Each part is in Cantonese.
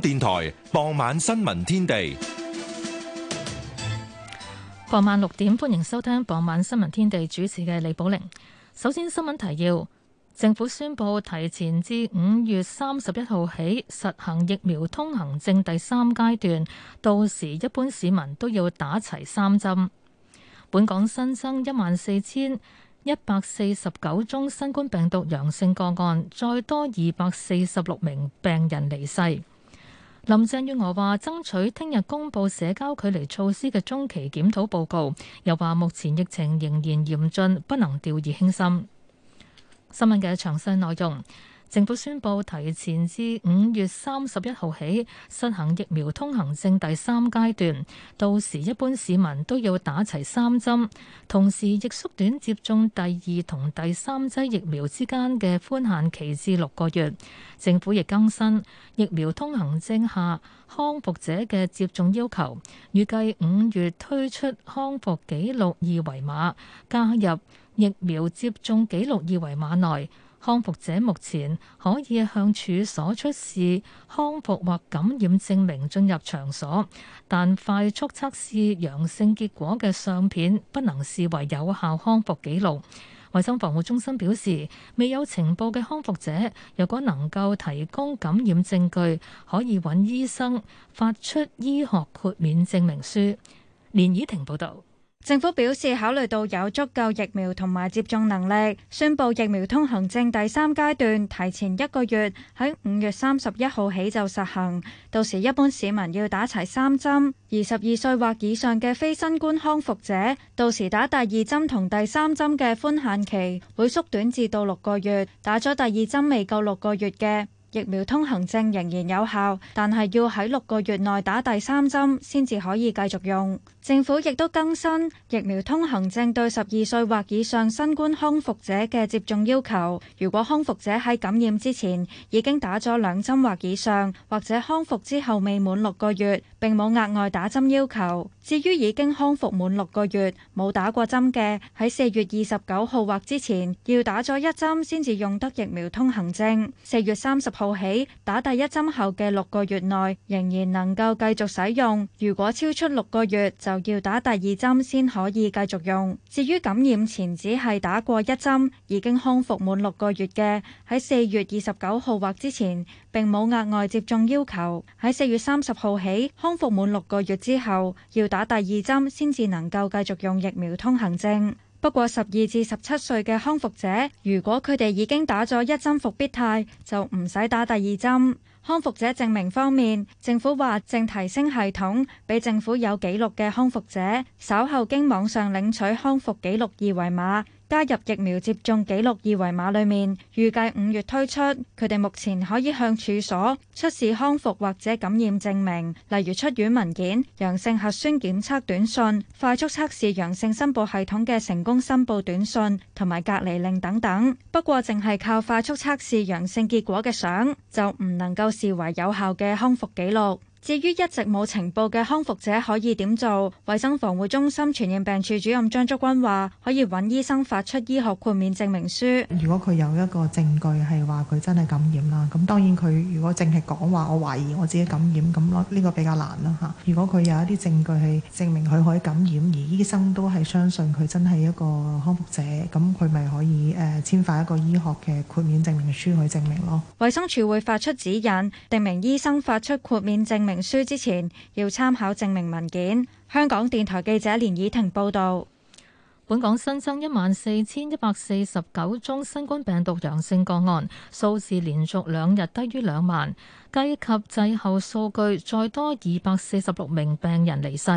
電台傍晚新聞天地，傍晚六點，歡迎收聽傍晚新聞天地，主持嘅李寶玲。首先，新聞提要：政府宣布提前至五月三十一號起實行疫苗通行證第三階段，到時一般市民都要打齊三針。本港新增一萬四千一百四十九宗新冠病毒陽性個案，再多二百四十六名病人離世。林鄭月娥話爭取聽日公布社交距離措施嘅中期檢討報告，又話目前疫情仍然嚴峻，不能掉以輕心。新聞嘅詳細內容。政府宣布提前至五月三十一號起實行疫苗通行證第三階段，到時一般市民都要打齊三針，同時亦縮短接種第二同第三劑疫苗之間嘅寬限期至六個月。政府亦更新疫苗通行證下康復者嘅接種要求，預計五月推出康復記錄二維碼，加入疫苗接種記錄二維碼內。康復者目前可以向處所出示康復或感染證明進入場所，但快速測試陽性結果嘅相片不能視為有效康復記錄。衛生防護中心表示，未有情報嘅康復者若果能夠提供感染證據，可以揾醫生發出醫學豁免證明書。連怡婷報導。政府表示，考慮到有足夠疫苗同埋接種能力，宣布疫苗通行證第三階段提前一個月，喺五月三十一號起就實行。到時一般市民要打齊三針，二十二歲或以上嘅非新冠康復者，到時打第二針同第三針嘅寬限期會縮短至到六個月。打咗第二針未夠六個月嘅疫苗通行證仍然有效，但係要喺六個月內打第三針先至可以繼續用。政府亦都更新疫苗通行證對十二歲或以上新冠康復者嘅接種要求。如果康復者喺感染之前已經打咗兩針或以上，或者康復之後未滿六個月，並冇額外打針要求。至於已經康復滿六個月冇打過針嘅，喺四月二十九號或之前要打咗一針先至用得疫苗通行證。四月三十號起，打第一針後嘅六個月內仍然能夠繼續使用。如果超出六個月就要打第二針先可以繼續用。至於感染前只係打過一針，已經康復滿六個月嘅，喺四月二十九號或之前，並冇額外接種要求。喺四月三十號起，康復滿六個月之後，要打第二針先至能夠繼續用疫苗通行證。不過，十二至十七歲嘅康復者，如果佢哋已經打咗一針復必泰，就唔使打第二針。康復者證明方面，政府話正提升系統，俾政府有記錄嘅康復者，稍後經網上領取康復記錄二維碼。加入疫苗接種記錄二維碼裏面，預計五月推出。佢哋目前可以向處所出示康復或者感染證明，例如出院文件、陽性核酸檢測短信、快速測試陽性申報系統嘅成功申報短信，同埋隔離令等等。不過，淨係靠快速測試陽性結果嘅相就唔能夠視為有效嘅康復記錄。至於一直冇情報嘅康復者可以點做？衛生防護中心傳染病處主任張竹君話，可以搵醫生發出醫學豁免證明書。如果佢有一個證據係話佢真係感染啦，咁當然佢如果淨係講話，我懷疑我自己感染，咁咯，呢個比較難啦。吓，如果佢有一啲證據係證明佢可以感染，而醫生都係相信佢真係一個康復者，咁佢咪可以誒簽、呃、發一個醫學嘅豁免證明書去證明咯。衛生署會發出指引，訂明醫生發出豁免證。明書之前要參考證明文件。香港電台記者連以婷報道，本港新增一萬四千一百四十九宗新冠病毒陽性個案，數字連續兩日低於兩萬，計及滯後數據，再多二百四十六名病人離世。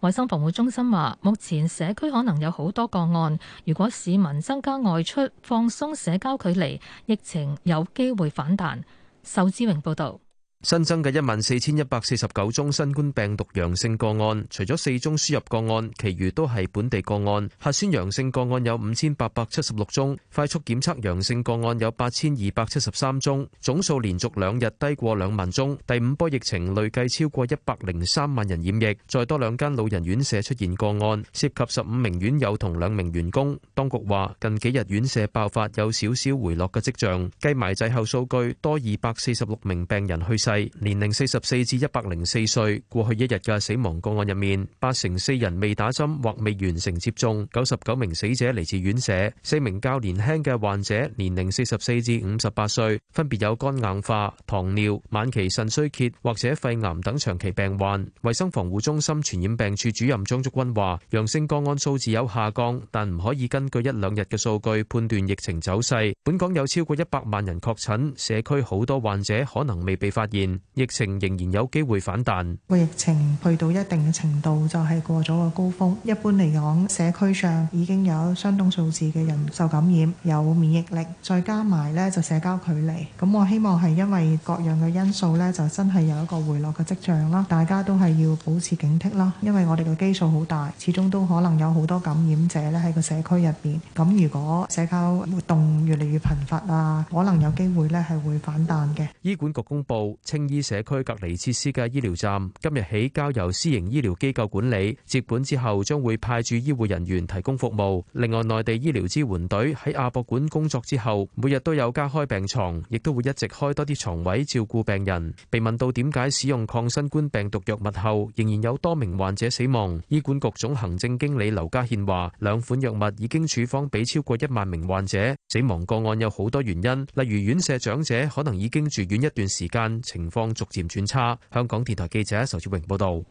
衛生防護中心話，目前社區可能有好多個案，如果市民增加外出、放鬆社交距離，疫情有機會反彈。仇志榮報道。新增嘅一萬四千一百四十九宗新冠病毒陽性個案，除咗四宗輸入個案，其餘都係本地個案。核酸陽性個案有五千八百七十六宗，快速檢測陽性個案有八千二百七十三宗，總數連續兩日低過兩萬宗。第五波疫情累計超過一百零三萬人染疫，再多兩間老人院舍出現個案，涉及十五名院友同兩名員工。當局話，近幾日院舍爆發有少少回落嘅跡象。計埋滯後數據，多二百四十六名病人去世。年齡四十四至一百零四歲，過去一日嘅死亡個案入面，八成四人未打針或未完成接種。九十九名死者嚟自院舍，四名較年輕嘅患者年齡四十四至五十八歲，分別有肝硬化、糖尿、晚期腎衰竭或者肺癌等長期病患。衛生防護中心傳染病處主任張竹君話：陽性個案數字有下降，但唔可以根據一兩日嘅數據判斷疫情走勢。本港有超過一百萬人確診，社區好多患者可能未被發現。疫情仍然有機會反彈。個疫情去到一定嘅程度就係過咗個高峰。一般嚟講，社區上已經有相當數字嘅人受感染，有免疫力，再加埋咧就社交距離。咁我希望係因為各樣嘅因素咧，就真係有一個回落嘅跡象啦。大家都係要保持警惕啦，因為我哋嘅基數好大，始終都可能有好多感染者咧喺個社區入邊。咁如果社交活動越嚟越頻繁啊，可能有機會咧係會反彈嘅。醫管局公布。青衣社區隔離設施嘅醫療站今日起交由私營醫療機構管理，接管之後將會派駐醫護人員提供服務。另外，內地醫療支援隊喺亞博館工作之後，每日都有加開病床，亦都會一直開多啲床位照顧病人。被問到點解使用抗新冠病毒藥物後仍然有多名患者死亡，醫管局總行政經理劉家憲話：兩款藥物已經處方俾超過一萬名患者，死亡個案有好多原因，例如院舍長者可能已經住院一段時間。情況逐漸轉差。香港電台記者仇志榮報道，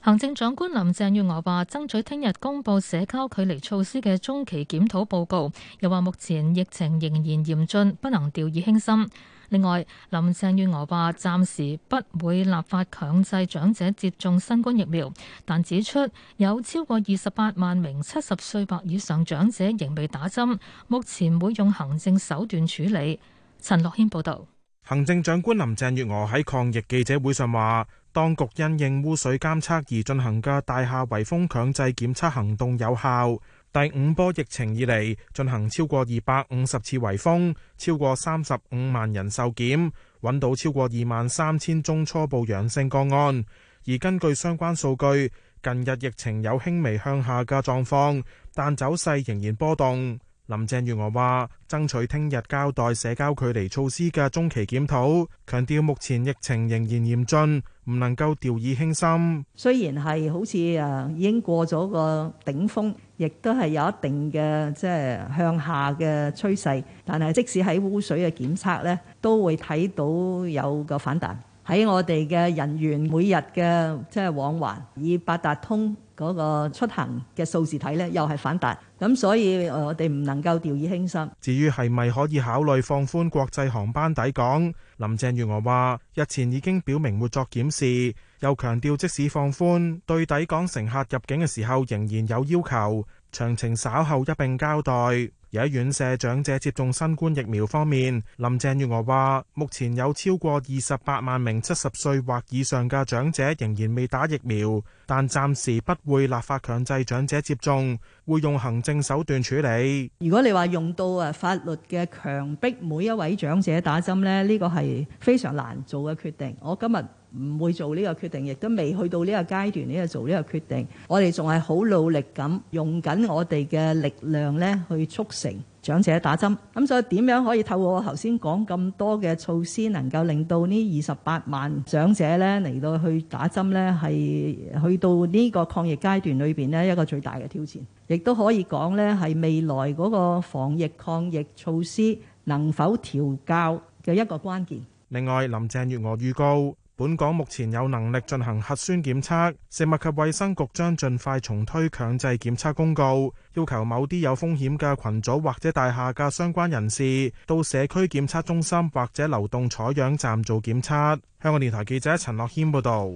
行政長官林鄭月娥話，爭取聽日公布社交距離措施嘅中期檢討報告，又話目前疫情仍然嚴峻，不能掉以輕心。另外，林鄭月娥話，暫時不會立法強制長者接種新冠疫苗，但指出有超過二十八萬名七十歲或以上長者仍未打針，目前會用行政手段處理。陳樂謙報道。行政長官林鄭月娥喺抗疫記者會上話，當局因應污水監測而進行嘅大廈圍封強制檢測行動有效。第五波疫情以嚟，進行超過二百五十次圍封，超過三十五萬人受檢，揾到超過二萬三千宗初步陽性個案。而根據相關數據，近日疫情有輕微向下嘅狀況，但走勢仍然波動。林鄭月娥話：爭取聽日交代社交距離措施嘅中期檢討，強調目前疫情仍然嚴峻，唔能夠掉以輕心。雖然係好似誒已經過咗個頂峰，亦都係有一定嘅即係向下嘅趨勢，但係即使喺污水嘅檢測呢，都會睇到有個反彈。喺我哋嘅人員每日嘅即係往環，以八達通。嗰個出行嘅數字睇呢，又係反彈，咁所以我哋唔能夠掉以輕心。至於係咪可以考慮放寬國際航班抵港？林鄭月娥話：日前已經表明沒作檢視，又強調即使放寬，對抵港乘客入境嘅時候仍然有要求。詳情稍後一併交代。而喺院舍長者接種新冠疫苗方面，林鄭月娥話：目前有超過二十八萬名七十歲或以上嘅長者仍然未打疫苗，但暫時不會立法強制長者接種，會用行政手段處理。如果你話用到啊法律嘅強迫每一位長者打針呢，呢、呢個係非常難做嘅決定。我今日唔會做呢個決定，亦都未去到呢個階段。呢度，做呢個決定，我哋仲係好努力咁用緊我哋嘅力量咧，去促成長者打針，咁所以點樣可以透過我頭先講咁多嘅措施，能夠令到呢二十八萬長者咧嚟,到去打針咧，係去到呢個抗疫階段裏邊咧一個最大嘅挑戰，亦都可以講咧係未來嗰個防疫抗疫措施能否調校嘅一個關鍵。另外，林鄭月娥預告。本港目前有能力進行核酸檢測，食物及衛生局將盡快重推強制檢測公告，要求某啲有風險嘅群組或者大廈嘅相關人士到社區檢測中心或者流動採樣站做檢測。香港電台記者陳樂謙報道。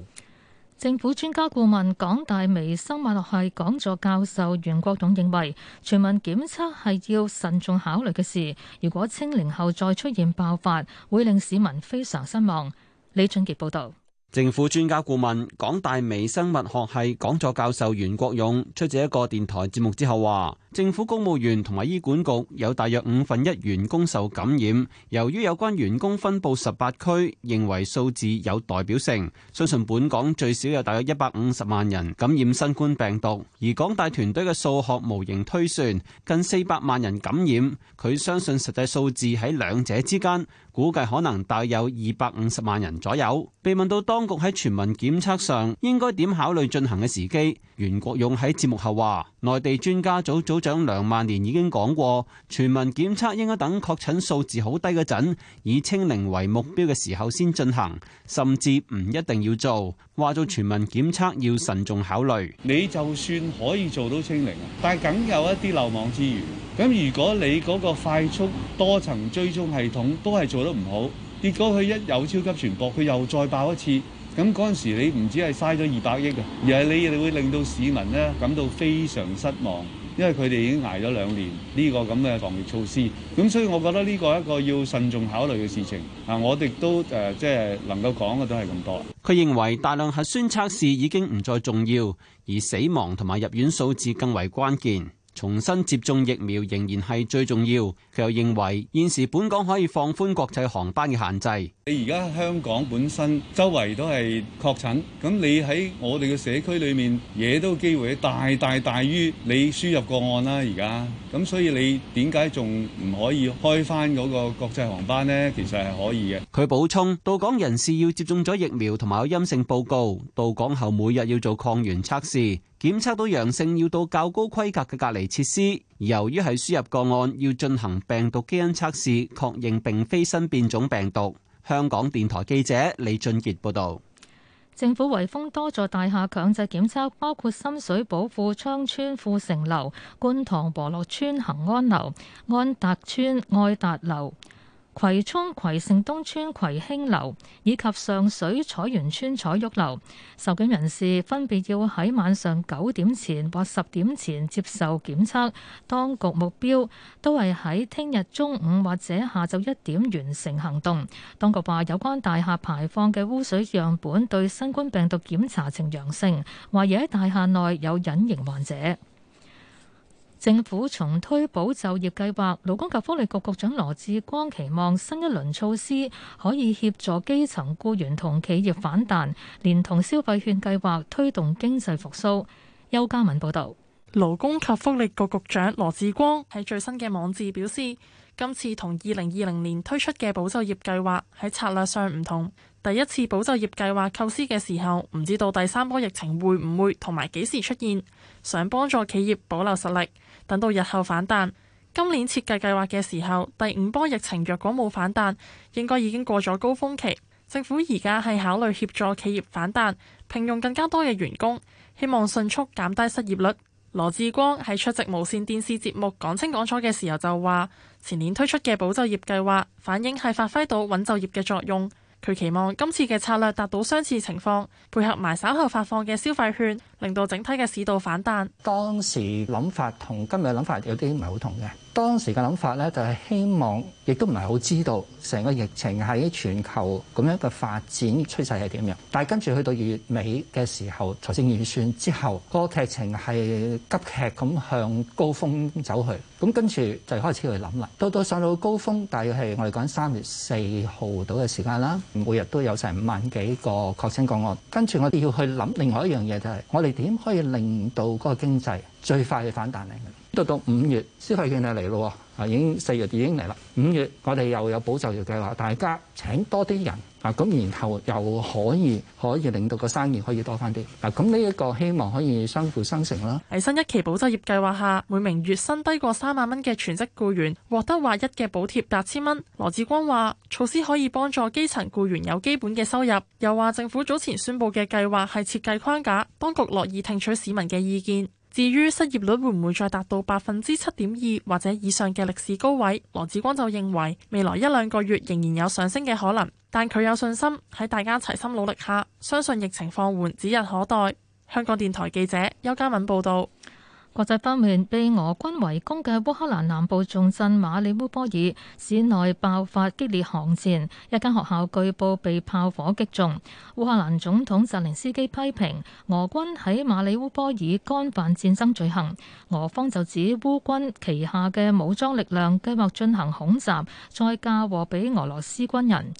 政府專家顧問、港大微生物學系講座教授袁國勇認為全民檢測係要慎重考慮嘅事。如果清零後再出現爆發會令市民非常失望。李俊傑報道，政府專家顧問、港大微生物學系講座教授袁國勇出席一個電台節目之後話。政府公務員同埋醫管局有大約五分一員工受感染，由於有關員工分布十八區，認為數字有代表性，相信本港最少有大約一百五十萬人感染新冠病毒。而港大團隊嘅數學模型推算近四百萬人感染，佢相信實際數字喺兩者之間，估計可能大約二百五十萬人左右。被問到當局喺全民檢測上應該點考慮進行嘅時機，袁國勇喺節目後話。內地專家組組長梁萬年已經講過，全民檢測應該等確診數字好低嗰陣，以清零為目標嘅時候先進行，甚至唔一定要做。話做全民檢測要慎重考慮。你就算可以做到清零，但係梗有一啲漏網之魚。咁如果你嗰個快速多層追蹤系統都係做得唔好，結果佢一有超級傳播，佢又再爆一次。咁嗰陣時，你唔止係嘥咗二百億啊，而係你會令到市民咧感到非常失望，因為佢哋已經挨咗兩年呢個咁嘅防疫措施。咁所以，我覺得呢個係一個要慎重考慮嘅事情啊！我哋都誒即係能夠講嘅都係咁多。佢認為大量核酸測試已經唔再重要，而死亡同埋入院數字更為關鍵。重新接種疫苗仍然係最重要。佢又認為現時本港可以放寬國際航班嘅限制。你而家香港本身周圍都係確診，咁你喺我哋嘅社區裏面嘢都機會大大大於你輸入個案啦。而家咁所以你點解仲唔可以開翻嗰個國際航班咧？其實，係可以嘅。佢補充，到港人士要接種咗疫苗同埋有陰性報告，到港後每日要做抗原測試。檢測到陽性，要到較高規格嘅隔離設施。由於係輸入個案，要進行病毒基因測試，確認並非新變種病毒。香港電台記者李俊傑報導。政府圍封多座大廈，強制檢測，包括深水埗富昌村富城樓、觀塘博樂村恒安樓、安達邨愛達樓。葵涌葵盛東邨葵興樓以及上水彩園邨彩玉樓，受檢人士分別要喺晚上九點前或十點前接受檢測，當局目標都係喺聽日中午或者下晝一點完成行動，當局話有關大廈排放嘅污水樣本對新冠病毒檢查呈陽性，懷疑喺大廈內有隱形患者。政府重推保就業計劃勞工及福利局局長羅志光期望新一輪措施可以協助基層雇員同企業反彈連同消費券計劃推動經濟復蘇邱家文報道勞工及福利局局長羅志光喺最新嘅網誌表示，今次同二零二零年推出嘅保就業計劃喺策略上唔同。第一次保就業計劃構思嘅時候，唔知道第三波疫情會唔會同埋幾時出現，想幫助企業保留實力。等到日後反彈，今年設計計劃嘅時候，第五波疫情若果冇反彈，應該已經過咗高峰期。政府而家係考慮協助企業反彈，聘用更加多嘅員工，希望迅速減低失業率。羅致光喺出席無線電視節目講清講楚嘅時候就話，前年推出嘅保就業計劃，反映係發揮到穩就業嘅作用。佢期望今次嘅策略達到相似情況，配合埋稍後發放嘅消費券，令到整體嘅市道反彈。當時諗法同今日諗法有啲唔係好同嘅。當時嘅諗法咧，就係希望，亦都唔係好知道成個疫情喺全球咁樣嘅發展趨勢係點樣。但係跟住去到二月尾嘅時候，財政預算之後，嗰、嗰個劇情係急劇咁向高峰走去。咁跟住就開始去諗啦。到到上到高峰，大概係我哋講三月四號到嘅時間啦，每日都有成五萬幾個確診個案。跟住我哋要去諗另外一、就係、樣嘢，就係我哋點可以令到嗰個經濟最快去反彈嚟。到到五月消費券又嚟咯，啊已經四月已經嚟啦。五月我哋又有保就業計劃，大家請多啲人啊，咁然後又可以可以令到個生意可以多翻啲嗱。咁呢一個希望可以相輔相成啦。喺新一期保就業計劃下，每名月薪低過三萬蚊嘅全職雇員獲得劃一嘅補貼八千蚊。羅致光話措施可以幫助基層雇員有基本嘅收入，又話政府早前宣佈嘅計劃係設計框架，當局樂意聽取市民嘅意見。至於失業率會唔會再達到百分之七點二或者以上嘅歷史高位？羅致光就認為未來一兩個月仍然有上升嘅可能，但佢有信心喺大家齊心努力下，相信疫情放緩指日可待。香港電台記者邱家敏報道。國際方面，被俄軍圍攻嘅烏克蘭南部重鎮馬里烏波爾市內爆發激烈巷戰，一間學校據報被炮火擊中。烏克蘭總統澤連斯基批評俄軍喺馬里烏波爾干犯戰爭罪行，俄方就指烏軍旗下嘅武裝力量計劃進行恐襲，再嫁禍俾俄羅斯軍人。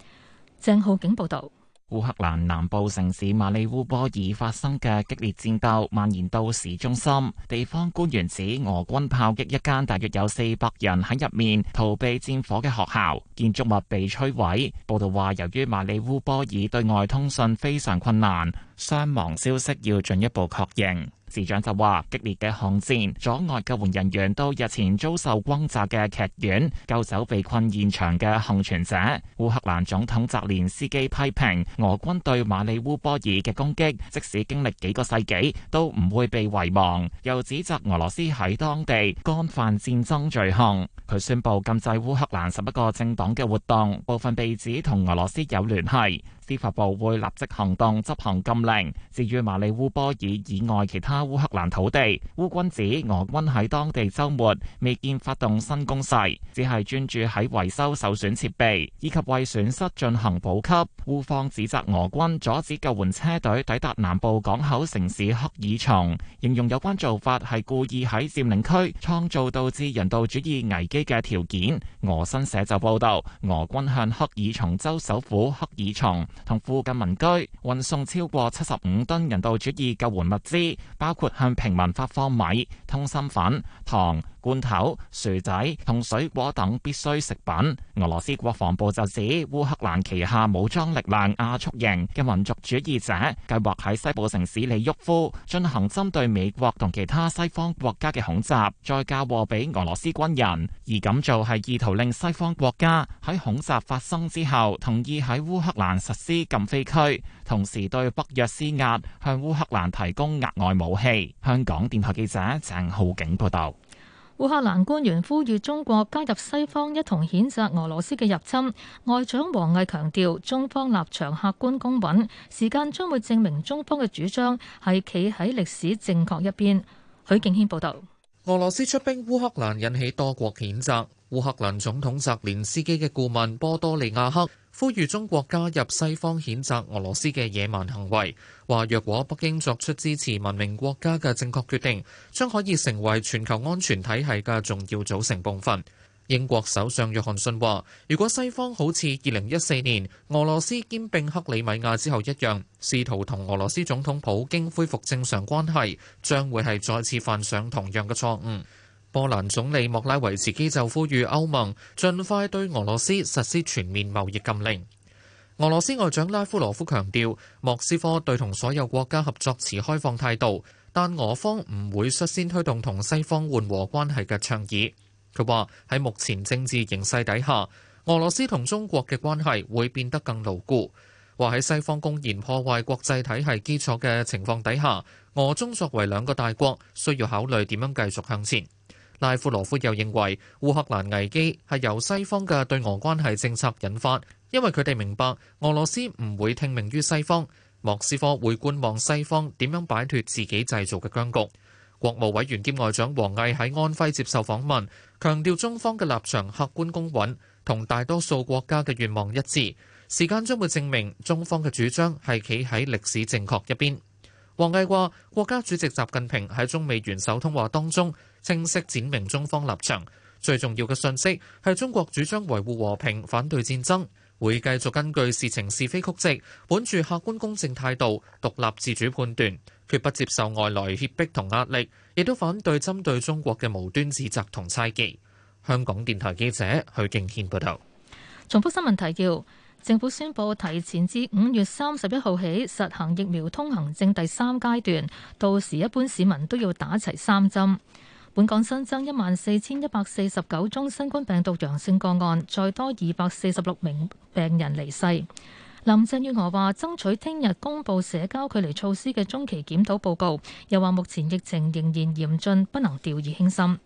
鄭浩景報道。烏克蘭南部城市馬里烏波爾發生嘅激烈戰鬥蔓延到市中心，地方官員指俄軍炮擊一間大約有四百人喺入面逃避戰火嘅學校，建築物被摧毀。報道話，由於馬里烏波爾對外通訊非常困難，傷亡消息要進一步確認。市長就話：激烈嘅巷戰阻礙救援人員到日前遭受轟炸嘅劇院，救走被困現場嘅幸存者。烏克蘭總統澤連斯基批評俄軍對馬里烏波爾嘅攻擊，即使經歷幾個世紀，都唔會被遺忘。又指責俄羅斯喺當地干犯戰爭罪行。佢宣布禁制烏克蘭十一個政黨嘅活動，部分被指同俄羅斯有聯繫。司法部會立即行動執行禁令。至於馬里烏波爾以外其他，烏克蘭土地，烏軍指俄軍喺當地周末未見發動新攻勢，只係專注喺維修受損設備，以及為損失進行補給。烏方指責俄軍阻止救援車隊抵達南部港口城市赫爾松，形容有關做法係故意喺佔領區創造導致人道主義危機嘅條件。俄新社就報道，俄軍向赫爾松州首府赫爾松同附近民居運送超過七十五噸人道主義救援物資，包。包括向平民發放米、通心粉、糖。罐頭、薯仔同水果等必需食品。俄羅斯國防部就指，烏克蘭旗下武裝力量亞速營嘅民族主義者計劃喺西部城市利沃夫進行針對美國同其他西方國家嘅恐襲，再嫁禍俾俄羅斯軍人。而咁做係意圖令西方國家喺恐襲發生之後同意喺烏克蘭實施禁飛區，同時對北約施壓，向烏克蘭提供額外武器。香港電台記者鄭浩景報道。烏克蘭官員呼籲中國加入西方一同譴責俄羅斯嘅入侵。外長王毅強調，中方立場客觀公允，時間將會證明中方嘅主張係企喺歷史正確一邊。許敬軒報道。俄羅斯出兵烏克蘭引起多國譴責，烏克蘭總統澤連斯基嘅顧問波多利亞克呼籲中國加入西方譴責俄羅斯嘅野蠻行為，話若果北京作出支持文明國家嘅正確決定，將可以成為全球安全體系嘅重要組成部分。英國首相約翰遜話：如果西方好似二零一四年俄羅斯兼併克里米亞之後一樣，試圖同俄羅斯總統普京恢復正常關係，將會係再次犯上同樣嘅錯誤。波蘭總理莫拉維茨基就呼籲歐盟盡快對俄羅斯實施全面貿易禁令。俄羅斯外長拉夫羅夫強調，莫斯科對同所有國家合作持開放態度，但俄方唔會率先推動同西方緩和關係嘅倡議。佢話喺目前政治形勢底下，俄羅斯同中國嘅關係會變得更牢固。話喺西方公然破壞國際體系基礎嘅情況底下，俄中作為兩個大國，需要考慮點樣繼續向前。拉夫羅夫又認為，烏克蘭危機係由西方嘅對俄關係政策引發，因為佢哋明白俄羅斯唔會聽命於西方，莫斯科會觀望西方點樣擺脫自己製造嘅僵局。國務委員兼外長王毅喺安徽接受訪問，強調中方嘅立場客觀公允，同大多數國家嘅願望一致。時間將會證明中方嘅主張係企喺歷史正確一邊。王毅話：國家主席習近平喺中美元首通話當中，正式展明中方立場。最重要嘅信息係中國主張維護和平，反對戰爭。會繼續根據事情是非曲直，本住客觀公正態度，獨立自主判斷，決不接受外來脅迫同壓力，亦都反對針對中國嘅無端指責同猜忌。香港電台記者許敬軒報道。重複新聞提要：政府宣布提前至五月三十一號起實行疫苗通行證第三階段，到時一般市民都要打齊三針。本港新增一萬四千一百四十九宗新冠病毒陽性個案，再多二百四十六名病人離世。林鄭月娥話爭取聽日公布社交距離措施嘅中期檢討報告，又話目前疫情仍然嚴峻，不能掉以輕心。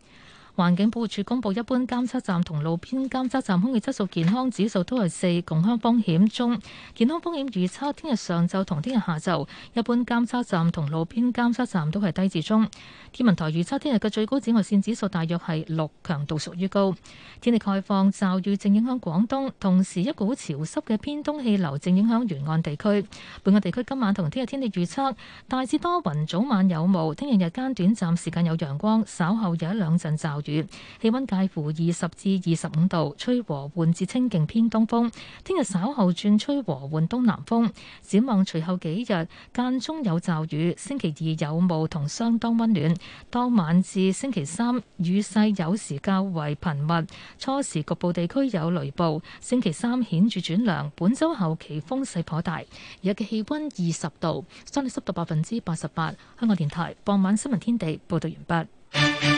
環境保護署公布，一般監測站同路邊監測站空氣質素健康指數都係四，共享風險中。健康風險預測聽日上晝同聽日下晝一般監測站同路邊監測站都係低至中。天文台預測聽日嘅最高紫外線指數大約係六，強度屬於高。天氣概況，驟雨正影響廣東同時一股潮濕嘅偏東氣流正影響沿岸地區，本港地區今晚同聽日天氣預測大致多雲早晚有霧聽日日間短暫時間有陽光，稍後有一兩陣驟雨。氣溫介乎二十至二十五度，吹和緩至清勁偏東風。聽日稍後轉吹和緩東南風。展望隨後幾日間中有驟雨，星期二有霧同相當溫暖。當晚至星期三雨勢有時較為頻密，初時局部地區有雷暴。星期三顯著轉涼。本周後期風勢頗大，日嘅氣溫二十度，相對濕度百分之八十八。香港電台傍晚新聞天地報道完畢。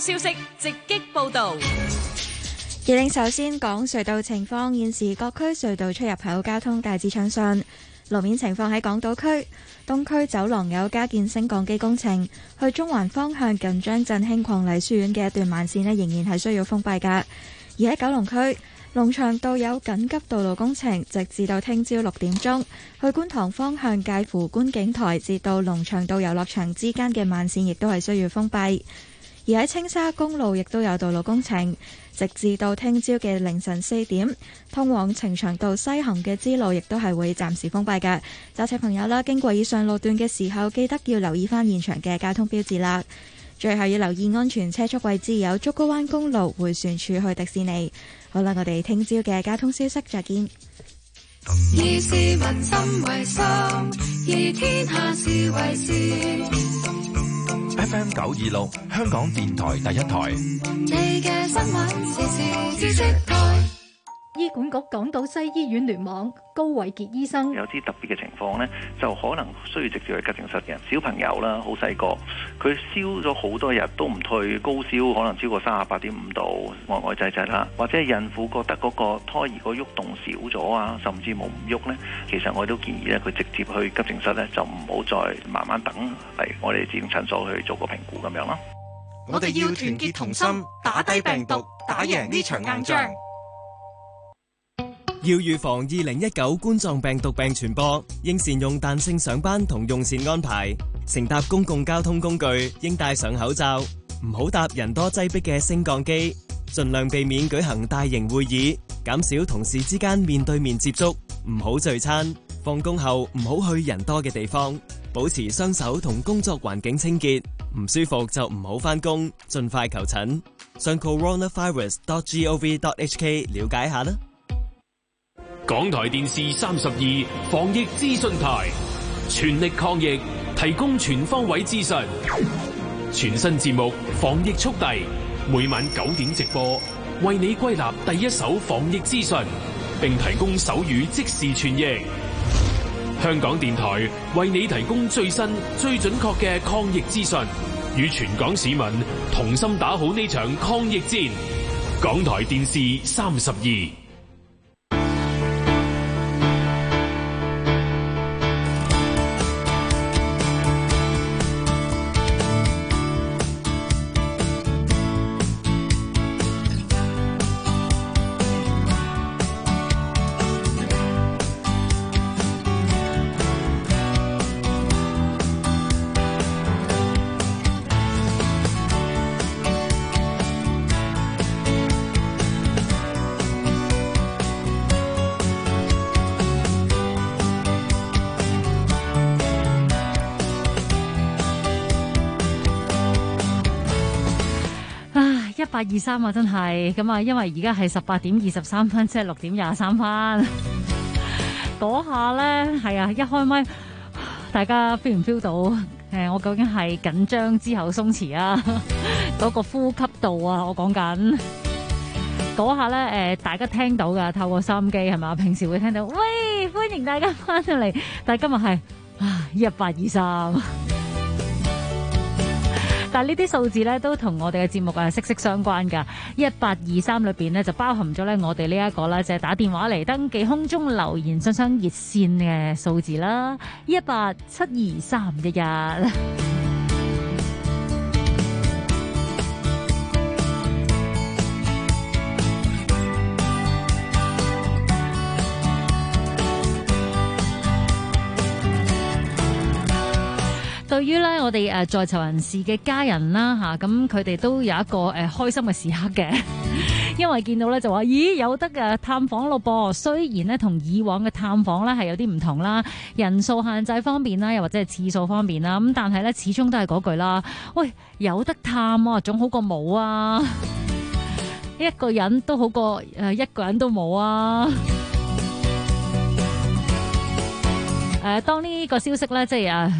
消息直擊報道。而令首先講隧道情況，現時各區隧道出入口交通大致暢順。路面情況喺港島區東區走廊有加建升降機工程，去中環方向近張振興伉儷書院嘅一段慢綫咧，仍然係需要封閉噶。而喺九龍區農場道有緊急道路工程，直至到聽朝六點鐘去觀塘方向介乎觀景台至到農場道遊樂場之間嘅慢綫，亦都係需要封閉。而喺青沙公路亦都有道路工程，直至到聽朝嘅凌晨四點，通往呈祥道西行嘅支路亦都係會暫時封閉噶。揸車朋友啦，經過以上路段嘅時候，記得要留意翻現場嘅交通標誌啦。最後要留意安全車速位置，有竹篙灣公路迴旋處去迪士尼。好啦，我哋聽朝嘅交通消息再見。以市民心為心，以天下事為事。FM 九二六，26，香港電台第一台。醫管局港島西醫院聯網，高偉傑醫生。有啲特別嘅情況咧，就可能需要直接去急症室嘅小朋友啦，好細個，佢燒咗好多日都唔退高燒，可能超過三十八點五度，呆呆滯滯啦，或者孕婦覺得嗰個胎兒個喐動少咗啊，甚至冇唔喐咧，其實我都建議咧，佢直接去急症室咧，就唔好再慢慢等係我哋指定診所去做個評估咁樣啦。我哋要團結同心，打低病毒，打贏呢場硬仗。要預防二零一九冠狀病毒病傳播，應善用彈性上班同用膳安排。乘搭公共交通工具應戴上口罩，唔好搭人多擠迫嘅升降機。盡量避免舉行大型會議，減少同事之間面對面接觸。唔好聚餐，放工後唔好去人多嘅地方。保持雙手同工作環境清潔。唔舒服就唔好返工，盡快求診。上 coronavirus.gov.hk 了解下啦。港台電視三十二防疫資訊台，全力抗疫，提供全方位資訊，全新節目防疫速遞，每晚九點直播，為你歸納第一手防疫資訊，並提供手語即時傳譯。香港電台為你提供最新、最準確嘅抗疫資訊，與全港市民同心打好呢場抗疫戰。港台電視三十二。八二三啊，23，真係咁啊！因為而家係十八點二十三分，即係六點廿三分。嗰 下咧，係啊，一開咪，大家 feel 唔 feel 到？誒、呃，我究竟係緊張之後鬆弛啊？嗰 個呼吸度啊，我講緊嗰下咧，誒、呃，大家聽到噶，透過收音機係咪？平時會聽到，喂，歡迎大家翻到嚟， 但係今日係啊，一八二三。呢啲數字咧都同我哋嘅節目啊息息相關噶，一八二三裏邊咧就包含咗咧我哋呢一個啦，就係打電話嚟登記空中留言信箱熱線嘅數字啦，一八七二三一一。 對於咧，我哋誒在囚人士嘅家人啦，吓咁佢哋都有一個誒開心嘅時刻嘅，因為見到咧就話，咦有得嘅探訪咯噃，雖然咧同以往嘅探訪咧係有啲唔同啦，人數限制方面啦，又或者係次數方面啦，咁但係咧始終都係嗰句啦，喂有得探啊，總好過冇啊，一個人都好過誒一個人都冇啊，誒、呃、當呢個消息咧即係啊。